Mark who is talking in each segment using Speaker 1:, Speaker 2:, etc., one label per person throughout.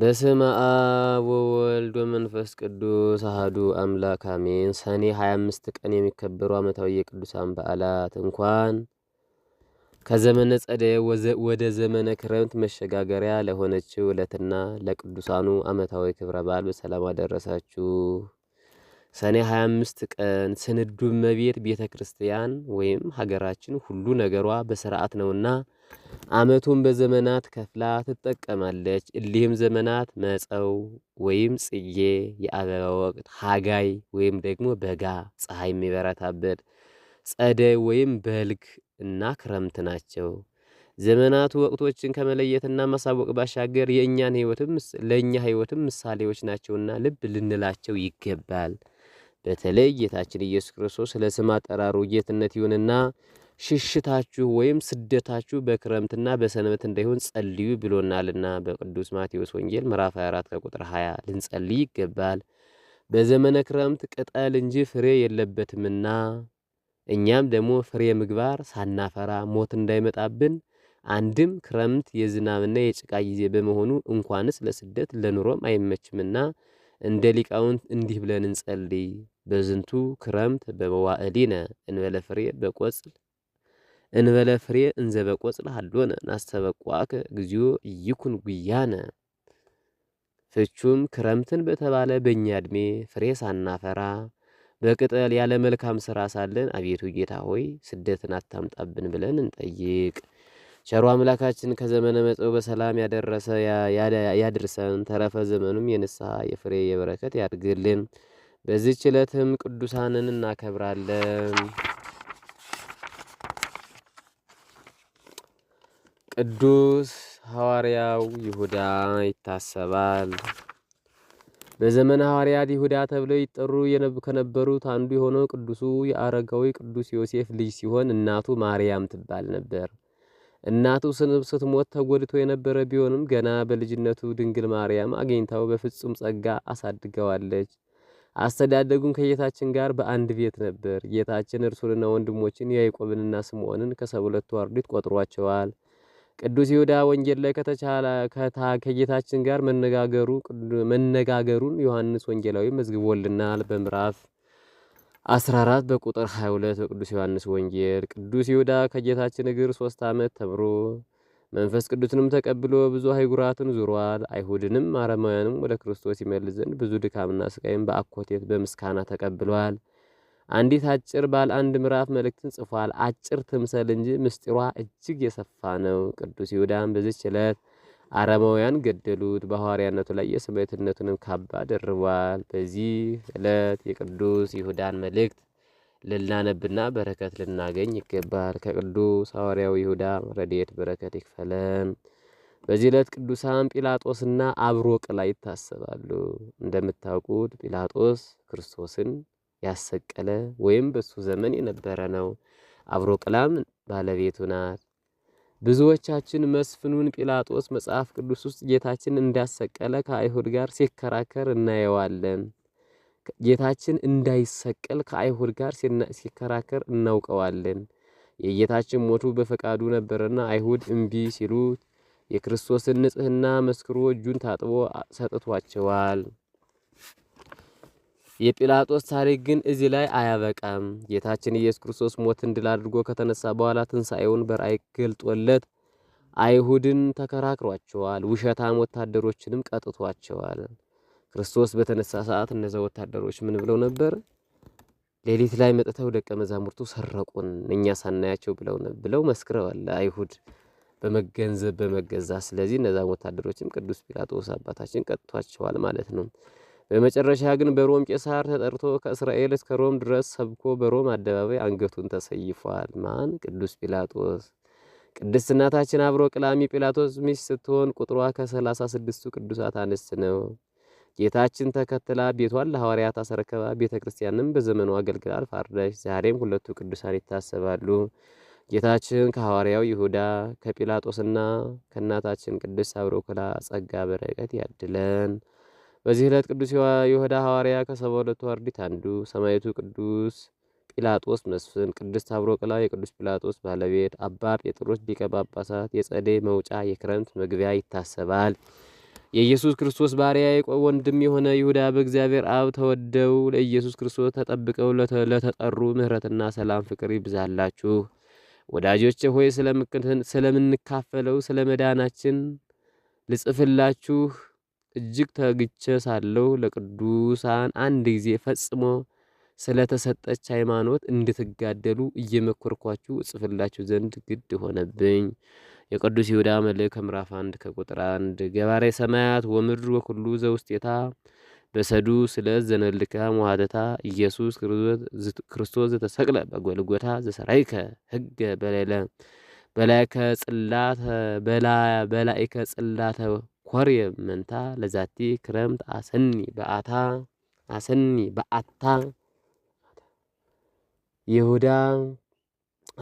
Speaker 1: በስመ አብ ወወልድ ወመንፈስ ቅዱስ አህዱ አምላክ አሜን። ሰኔ 25 ቀን የሚከበሩ ዓመታዊ የቅዱሳን በዓላት እንኳን ከዘመነ ጸደይ ወደ ዘመነ ክረምት መሸጋገሪያ ለሆነችው ዕለትና ለቅዱሳኑ ዓመታዊ ክብረ በዓል በሰላም አደረሳችሁ። ሰኔ 25 ቀን ስንዱ እመቤት ቤተ ክርስቲያን ወይም ሀገራችን ሁሉ ነገሯ በስርዓት ነውና አመቱን በዘመናት ከፍላ ትጠቀማለች። እሊህም ዘመናት መጸው ወይም ጽጌ የአበባ ወቅት፣ ሀጋይ ወይም ደግሞ በጋ ፀሐይ የሚበረታበት፣ ጸደይ ወይም በልግ እና ክረምት ናቸው። ዘመናቱ ወቅቶችን ከመለየትና ማሳወቅ ባሻገር የእኛን ህይወትም ለእኛ ህይወትም ምሳሌዎች ናቸውና ልብ ልንላቸው ይገባል። በተለይ ጌታችን ኢየሱስ ክርስቶስ ለስም አጠራሩ ጌትነት ይሁንና ሽሽታችሁ ወይም ስደታችሁ በክረምትና በሰንበት እንዳይሆን ጸልዩ ብሎናልና በቅዱስ ማቴዎስ ወንጌል ምዕራፍ 24 ከቁጥር 20 ልንጸልይ ይገባል። በዘመነ ክረምት ቅጠል እንጂ ፍሬ የለበትምና እኛም ደግሞ ፍሬ ምግባር ሳናፈራ ሞት እንዳይመጣብን አንድም ክረምት የዝናብና የጭቃ ጊዜ በመሆኑ እንኳንስ ለስደት ለኑሮም አይመችምና እንደ ሊቃውንት እንዲህ ብለን እንጸልይ። በዝንቱ ክረምት በመዋዕሊነ እንበለ ፍሬ በቆጽል እንበለ ፍሬ እንዘ በቆጽል ሀሎነ ናስተበቋከ እግዚኦ ይኩን ጉያነ። ፍቹም ክረምትን በተባለ በእኛ ዕድሜ ፍሬ ሳናፈራ በቅጠል ያለ መልካም ሥራ ሳለን አቤቱ ጌታ ሆይ ስደትን አታምጣብን ብለን እንጠይቅ። ቸሩ አምላካችን ከዘመነ መጽው በሰላም ያደረሰ ያድርሰን። ተረፈ ዘመኑም የንስሐ የፍሬ የበረከት ያድርግልን። በዚህች ዕለትም ቅዱሳንን እናከብራለን። ቅዱስ ሐዋርያው ይሁዳ ይታሰባል። በዘመነ ሐዋርያት ይሁዳ ተብለው ይጠሩ ከነበሩት አንዱ የሆነው ቅዱሱ የአረጋዊ ቅዱስ ዮሴፍ ልጅ ሲሆን እናቱ ማርያም ትባል ነበር። እናቱ ስትሞት ተጎድቶ የነበረ ቢሆንም ገና በልጅነቱ ድንግል ማርያም አግኝታው በፍጹም ጸጋ አሳድገዋለች። አስተዳደጉን ከጌታችን ጋር በአንድ ቤት ነበር። ጌታችን እርሱንና ወንድሞችን ያዕቆብንና ስምዖንን ከሰባ ሁለቱ አርድእት ቆጥሯቸዋል። ቅዱስ ይሁዳ ወንጌል ላይ ከተቻለ ከጌታችን ጋር መነጋገሩ መነጋገሩን ዮሐንስ ወንጌላዊ መዝግቦልናል በምዕራፍ 14 በቁጥር 22 በቅዱስ ዮሐንስ ወንጌል ቅዱስ ይሁዳ ከጌታችን እግር ሶስት ዓመት ተምሮ መንፈስ ቅዱስንም ተቀብሎ ብዙ አህጉራትን ዙሯል። አይሁድንም አረማውያንም ወደ ክርስቶስ ይመልስ ዘንድ ብዙ ድካምና ስቃይም በአኮቴት በምስካና ተቀብሏል። አንዲት አጭር ባለ አንድ ምዕራፍ መልእክትን ጽፏል። አጭር ትምሰል እንጂ ምስጢሯ እጅግ የሰፋ ነው። ቅዱስ ይሁዳም በዚች ዕለት አረማውያን ገደሉት። በሐዋርያነቱ ላይ የሰማዕትነቱንም ካባ ደርቧል። በዚህ ዕለት የቅዱስ ይሁዳን መልእክት ልናነብና በረከት ልናገኝ ይገባል። ከቅዱስ ሐዋርያው ይሁዳ ረድኤት በረከት ይክፈለን። በዚህ ዕለት ቅዱሳን ጲላጦስና ላይ ይታሰባሉ። እንደምታውቁት ጲላጦስ ክርስቶስን ያሰቀለ ወይም በሱ ዘመን የነበረ ነው። አብሮቅላም ባለቤቱ ናት። ብዙዎቻችን መስፍኑን ጲላጦስ መጽሐፍ ቅዱስ ውስጥ ጌታችን እንዳሰቀለ ከአይሁድ ጋር ሲከራከር እናየዋለን። ጌታችን እንዳይሰቀል ከአይሁድ ጋር ሲከራከር እናውቀዋለን። የጌታችን ሞቱ በፈቃዱ ነበርና አይሁድ እምቢ ሲሉት የክርስቶስን ንጽሕና መስክሮ እጁን ታጥቦ ሰጥቷቸዋል። የጲላጦስ ታሪክ ግን እዚህ ላይ አያበቃም። ጌታችን ኢየሱስ ክርስቶስ ሞትን ድል አድርጎ ከተነሳ በኋላ ትንሣኤውን በራእይ ገልጦለት አይሁድን ተከራክሯቸዋል። ውሸታም ወታደሮችንም ቀጥቷቸዋል። ክርስቶስ በተነሳ ሰዓት እነዛ ወታደሮች ምን ብለው ነበር? ሌሊት ላይ መጥተው ደቀ መዛሙርቱ ሰረቁን እኛ ሳናያቸው ብለው ብለው መስክረዋል አይሁድ በመገንዘብ በመገዛ። ስለዚህ እነዛን ወታደሮችም ቅዱስ ጲላጦስ አባታችን ቀጥቷቸዋል ማለት ነው። በመጨረሻ ግን በሮም ቄሳር ተጠርቶ ከእስራኤል እስከ ሮም ድረስ ሰብኮ በሮም አደባባይ አንገቱን ተሰይፏል። ማን? ቅዱስ ጲላጦስ። ቅድስት እናታችን አብሮ ቅላሚ ጲላጦስ ሚስት ስትሆን ቁጥሯ ከሰላሳ ስድስቱ ቅዱሳት አንስት ነው። ጌታችን ተከትላ ቤቷን ለሐዋርያት አስረከባ። ቤተ ክርስቲያንም በዘመኑ አገልግል አልፋረደች። ዛሬም ሁለቱ ቅዱሳን ይታሰባሉ። ጌታችን ከሐዋርያው ይሁዳ ከጲላጦስና ከእናታችን ቅድስት አብሮ ክላ ጸጋ በረከት ያድለን። በዚህ ዕለት ቅዱስ ይሁዳ ሐዋርያ ከሰባ ሁለቱ አርድእት አንዱ፣ ሰማዕቱ ቅዱስ ጲላጦስ መስፍን፣ ቅድስት አብሮቅላ የቅዱስ ጲላጦስ ባለቤት፣ አባ ጴጥሮስ ሊቀ ጳጳሳት። የጸደይ መውጫ የክረምት መግቢያ ይታሰባል። የኢየሱስ ክርስቶስ ባሪያ ወንድም የሆነ ይሁዳ በእግዚአብሔር አብ ተወደው ለኢየሱስ ክርስቶስ ተጠብቀው ለተጠሩ ምሕረትና ሰላም ፍቅር ይብዛላችሁ። ወዳጆች ሆይ ስለምንካፈለው ስለ መዳናችን ልጽፍላችሁ እጅግ ተግቸ ሳለው ለቅዱሳን አንድ ጊዜ ፈጽሞ ስለተሰጠች ሃይማኖት እንድትጋደሉ እየመኮርኳችሁ እጽፍላችሁ ዘንድ ግድ ሆነብኝ። የቅዱስ ይሁዳ መልእክ ከምዕራፍ አንድ ከቁጥር አንድ ገባሬ ሰማያት ወምድር ወኩሉ ዘውስጤታ በሰዱ ስለ ዘነልካ መዋደታ ኢየሱስ ክርስቶስ ዘተሰቅለ በጎልጎታ ዘሰራይከ ህገ በሌለ በላይከ ጽላተ በላይከ ጽላተ ኮርየብ መንታ ለዛቲ ክረምት አሰኒ በአታ አሰኒ በአታ ይሁዳ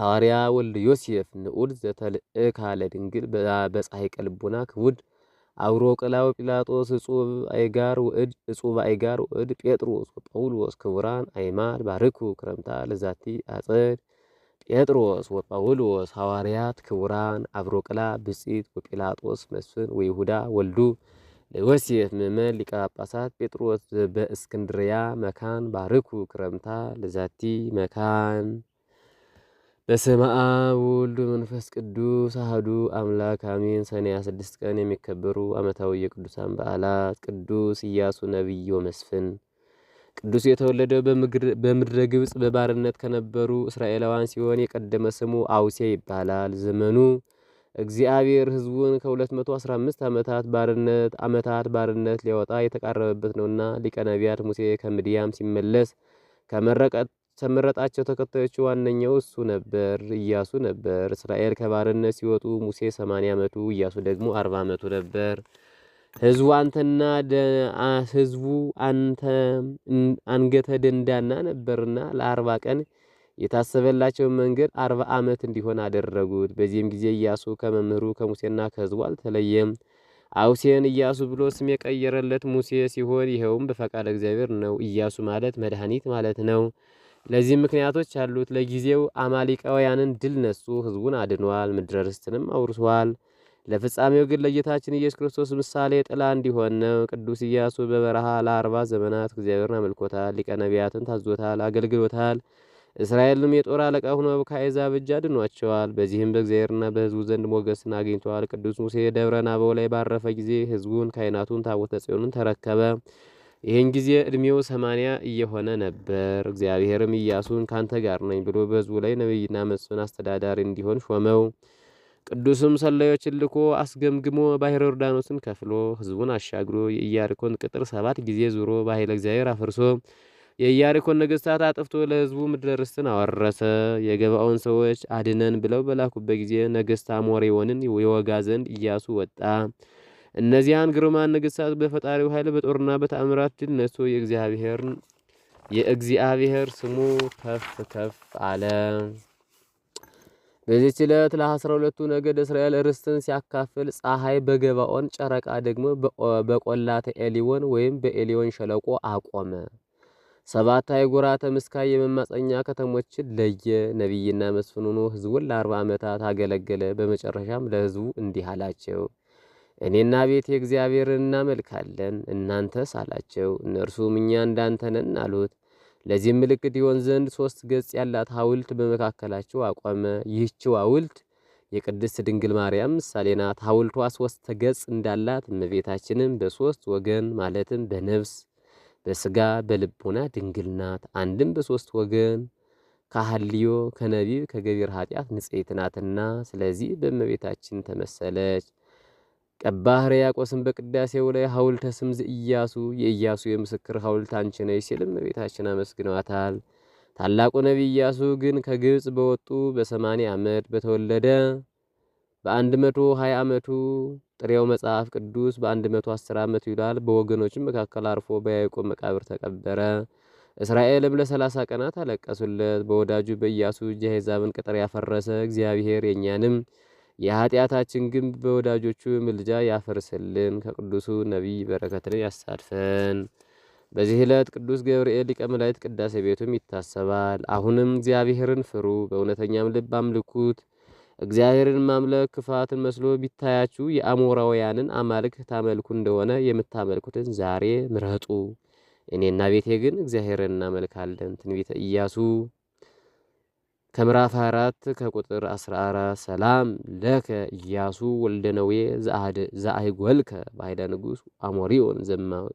Speaker 1: ሐዋርያ ወልድ ዮሴፍ ንዑድ ዘተልእካ ለድንግል በፀሐይ ቀልቡና ክቡድ አብሮ ቅላው ጲላጦስ እጹብ አይጋር ውእድ እጹብ አይጋር ውእድ ጴጥሮስ ጳውሎስ ክቡራን አይማል ባርኩ ክረምታ ለዛቲ አጸድ ጴጥሮስ ወጳውሎስ ሐዋርያት ክቡራን አብሮቅላ ብፂት ወጲላጦስ መስፍን ወይሁዳ ወልዱ ለዮሴፍ ምእመን ሊቀ ጳጳሳት ጴጥሮስ በእስክንድርያ መካን ባርኩ ክረምታ ለዛቲ መካን በስመ አብ ወወልድ መንፈስ ቅዱስ አህዱ አምላክ አሜን። ሰኔ 26 ቀን የሚከበሩ ዓመታዊ የቅዱሳን በዓላት ቅዱስ ኢያሱ ነቢይ ወመስፍን ቅዱስ የተወለደው በምድረ ግብፅ በባርነት ከነበሩ እስራኤላውያን ሲሆን የቀደመ ስሙ አውሴ ይባላል። ዘመኑ እግዚአብሔር ሕዝቡን ከ215 ዓመታት ባርነት ዓመታት ባርነት ሊያወጣ የተቃረበበት ነውና ሊቀ ነቢያት ሙሴ ከምድያም ሲመለስ ከመረጣቸው ተከታዮቹ ዋነኛው እሱ ነበር፣ እያሱ ነበር። እስራኤል ከባርነት ሲወጡ ሙሴ 80 ዓመቱ፣ እያሱ ደግሞ 40 ዓመቱ ነበር። ህዝቡ አንተና ህዝቡ አንተ አንገተ ደንዳና ነበርና ለአርባ ቀን የታሰበላቸው መንገድ አርባ ዓመት እንዲሆን አደረጉት። በዚህም ጊዜ ኢያሱ ከመምህሩ ከሙሴና ከህዝቡ አልተለየም። አውሴን ኢያሱ ብሎ ስም የቀየረለት ሙሴ ሲሆን ይኸውም በፈቃድ እግዚአብሔር ነው። ኢያሱ ማለት መድኃኒት ማለት ነው። ለዚህም ምክንያቶች አሉት። ለጊዜው አማሊቃውያንን ድል ነሱ፣ ህዝቡን አድኗል፣ ምድረ ርስትንም አውርሷል። ለፍጻሜው ግን ለጌታችን ኢየሱስ ክርስቶስ ምሳሌ ጥላ እንዲሆን ነው። ቅዱስ ኢያሱ በበረሃ ለአርባ ዘመናት እግዚአብሔርን አመልኮታል። ሊቀ ነቢያትን ታዞታል፣ አገልግሎታል። እስራኤልም የጦር አለቃ ሆኖ ከአሕዛብ እጅ አድኗቸዋል። በዚህም በእግዚአብሔርና በሕዝቡ ዘንድ ሞገስን አግኝተዋል። ቅዱስ ሙሴ ደብረ ናበው ላይ ባረፈ ጊዜ ሕዝቡን፣ ካህናቱን፣ ታቦተ ጽዮኑን ተረከበ። ይህን ጊዜ ዕድሜው ሰማንያ እየሆነ ነበር። እግዚአብሔርም ኢያሱን ካንተ ጋር ነኝ ብሎ በሕዝቡ ላይ ነቢይና መጽን አስተዳዳሪ እንዲሆን ሾመው። ቅዱስም ሰላዮችን ልኮ አስገምግሞ ባሕረ ዮርዳኖስን ከፍሎ ሕዝቡን አሻግሮ የኢያሪኮን ቅጥር ሰባት ጊዜ ዙሮ በኃይለ እግዚአብሔር አፍርሶ የኢያሪኮን ነገሥታት አጥፍቶ ለሕዝቡ ምድረ ርስትን አወረሰ። የገባኦን ሰዎች አድነን ብለው በላኩበት ጊዜ ነገሥት አሞሬዎንን የወጋ ዘንድ ኢያሱ ወጣ። እነዚያን ግርማን ነገሥታት በፈጣሪው ኃይል በጦርና በተአምራት ድል ነስቶ የእግዚአብሔር ስሙ ከፍ ከፍ አለ። በዚህች ዕለት ለአስራ ሁለቱ ነገድ እስራኤል ርስትን ሲያካፍል ፀሐይ በገባኦን ጨረቃ ደግሞ በቆላተ ኤሊዮን ወይም በኤሊዮን ሸለቆ አቆመ። ሰባት አህጉራተ ምስካይ የመማፀኛ ከተሞችን ለየ። ነቢይና መስፍን ሆኖ ለአርባ ዓመታት አገለገለ። በመጨረሻም ለህዝቡ እንዲህ አላቸው፣ እኔና ቤት የእግዚአብሔርን እናመልካለን እናንተስ አላቸው። እነርሱም እኛ እንዳንተ ነን አሉት። ለዚህም ምልክት ይሆን ዘንድ ሶስት ገጽ ያላት ሐውልት በመካከላቸው አቆመ። ይህችው ሐውልት የቅድስት ድንግል ማርያም ምሳሌ ናት። ሐውልቷ ሶስት ገጽ እንዳላት እመቤታችንም በሶስት ወገን ማለትም በነፍስ፣ በስጋ፣ በልቦና ድንግል ናት። አንድም በሶስት ወገን ከሐልዮ ከነቢብ ከገቢር ኃጢአት ንጽሕት ናትና፣ ስለዚህ በእመቤታችን ተመሰለች። ቀባህ ሕርያቆስን በቅዳሴው ላይ ሐውልተ ስምዝ እያሱ የኢያሱ የምስክር ሐውልት አንቺ ነች ሲልም እመቤታችን አመስግነዋታል። ታላቁ ነቢይ ኢያሱ ግን ከግብፅ በወጡ በሰማንያ ዓመት በተወለደ በአንድ መቶ ሀያ ዓመቱ ጥሬው መጽሐፍ ቅዱስ በአንድ መቶ አስር ዓመቱ ይላል። በወገኖችም መካከል አርፎ በያዕቆብ መቃብር ተቀበረ። እስራኤልም ለሰላሳ ቀናት አለቀሱለት። በወዳጁ በኢያሱ እጅ አሕዛብን ቅጥር ያፈረሰ እግዚአብሔር የእኛንም የኃጢአታችን ግንብ በወዳጆቹ ምልጃ ያፈርስልን። ከቅዱሱ ነቢይ በረከትን ያሳድፈን። በዚህ ዕለት ቅዱስ ገብርኤል ሊቀ መላእክት ቅዳሴ ቤቱም ይታሰባል። አሁንም እግዚአብሔርን ፍሩ፣ በእውነተኛም ልብ አምልኩት። እግዚአብሔርን ማምለክ ክፋትን መስሎ ቢታያችሁ የአሞራውያንን አማልክ ታመልኩ እንደሆነ የምታመልኩትን ዛሬ ምረጡ። እኔና ቤቴ ግን እግዚአብሔርን እናመልካለን። ትንቢተ ኢያሱ ከምዕራፍ 24 ከቁጥር 14 ሰላም ለከ ኢያሱ ወልደ ነዌ ዘአይጎልከ ባይዳ ንጉስ አሞሪዮን ዘማዊ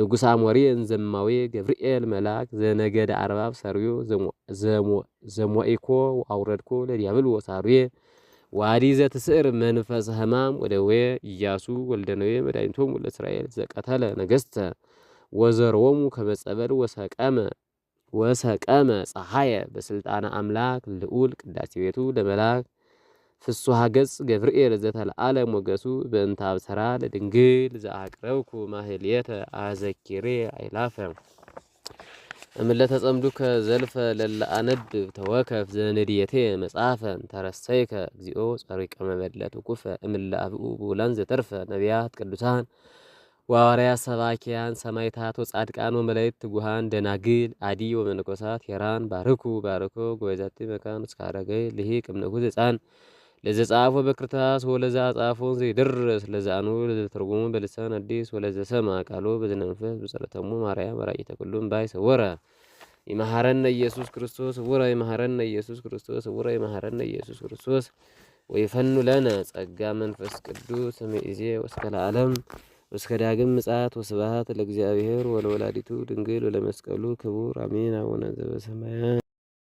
Speaker 1: ንጉሥ አሞሪዮን ዘማዊ ገብርኤል መልአክ ዘነገደ አርባብ ሰርዮ ዘሞኢኮ አውረድኮ ለዲያብል ወሳርዌ ዋዲ ዘትስዕር መንፈስ ህማም ወደዌ ኢያሱ ወልደ ነዌ መድኃኒቶሙ ለእስራኤል ዘቀተለ ነገስተ ወዘሮሙ ከመጸበል ወሰቀመ ወሰቀመ ፀሐየ በስልጣነ አምላክ ልዑል ቅዳሴ ቤቱ ለመላክ ፍሱሃ ገጽ ገብርኤል ዘተለአለ ሞገሱ በእንተ አብሰራ ለድንግል ዘአቅረብኩ ማህልየተ አዘኪሬ አይላፈ እምለተጸምዱከ ዘልፈ ለለአነብብ ተወከፍ ዘንድየቴ መጽሐፈን ተረሰይከ እግዚኦ ጸሪቀ መበለት ውቁፈ እምለ አብኡ ብውላን ዘተርፈ ነቢያት ቅዱሳን ዋርያ ሰባኪያን ሰማይታቶ ጻድቃኖ መላእክት ጉሃን ደናግል አዲ ወመነኮሳት ሄራን ባርኩ ባርኮ ጎይዛቲ መካን ስካረገ ልሂቅ እምንኩዝ ህፃን ለዘጻፎ በክርታስ ወለዛ ጻፎን ዘይደርስ ለዛኑ ለዘተርጉሙ በልሳን አዲስ ወለዘሰማ ቃሎ በዝነ መንፈስ በጸለተሙ ማርያም መራእይተ ኩሉም ባይ ሰወረ ይመሐረነ ኢየሱስ ክርስቶስ ውረ ይመሐረነ ኢየሱስ ክርስቶስ ውረ ይመሐረነ ኢየሱስ ክርስቶስ ወይፈኑ ለነ ጸጋ መንፈስ ቅዱስ እምይእዜ ወስከ ለዓለም እስከ ዳግም ምጽአት ወስብሐት ለእግዚአብሔር ወለወላዲቱ ድንግል ወለመስቀሉ ክቡር አሜን። አቡነ ዘበሰማያት